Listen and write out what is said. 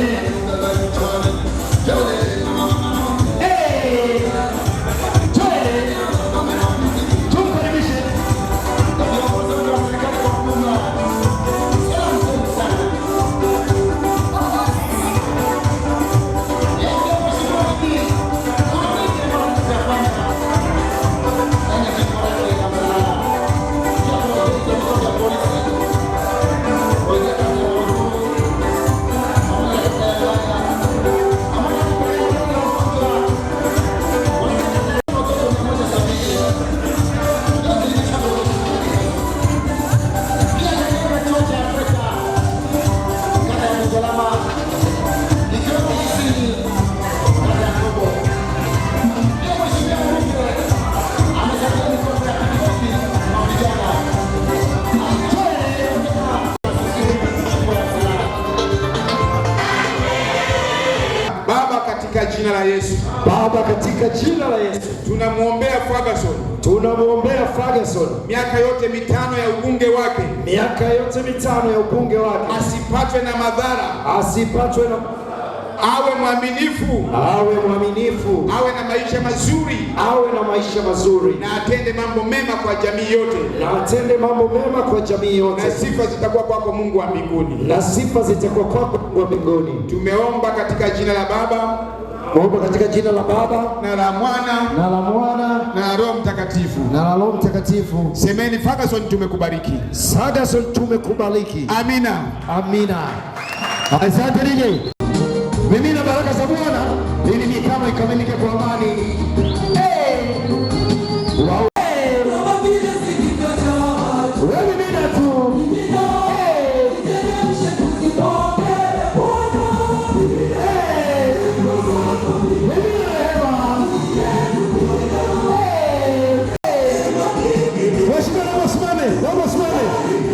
Yeah. jina la Yesu. Baba, katika jina la Yesu tunamwombea Ferguson, tunamwombea Ferguson miaka yote mitano ya ubunge wake, miaka yote mitano ya ubunge wake, asipatwe na madhara, asipatwe na awe mwaminifu, awe mwaminifu, awe na maisha mazuri, awe na maisha mazuri, na atende mambo mema kwa jamii yote, na atende mambo mema kwa jamii yote, na sifa zitakuwa kwako Mungu wa mbinguni, na sifa zitakuwa kwako Mungu wa mbinguni. Tumeomba katika jina la Baba kwa katika jina la Baba na la Mwana na la Mwana na la Roho Mtakatifu na la Roho Mtakatifu. Semeni Ferguson, tumekubariki. Ferguson, tumekubariki. Amina, amina. Asante. Mimi na baraka za Bwana ili mikamo ikamilike kwa amani. Vamos, Mane!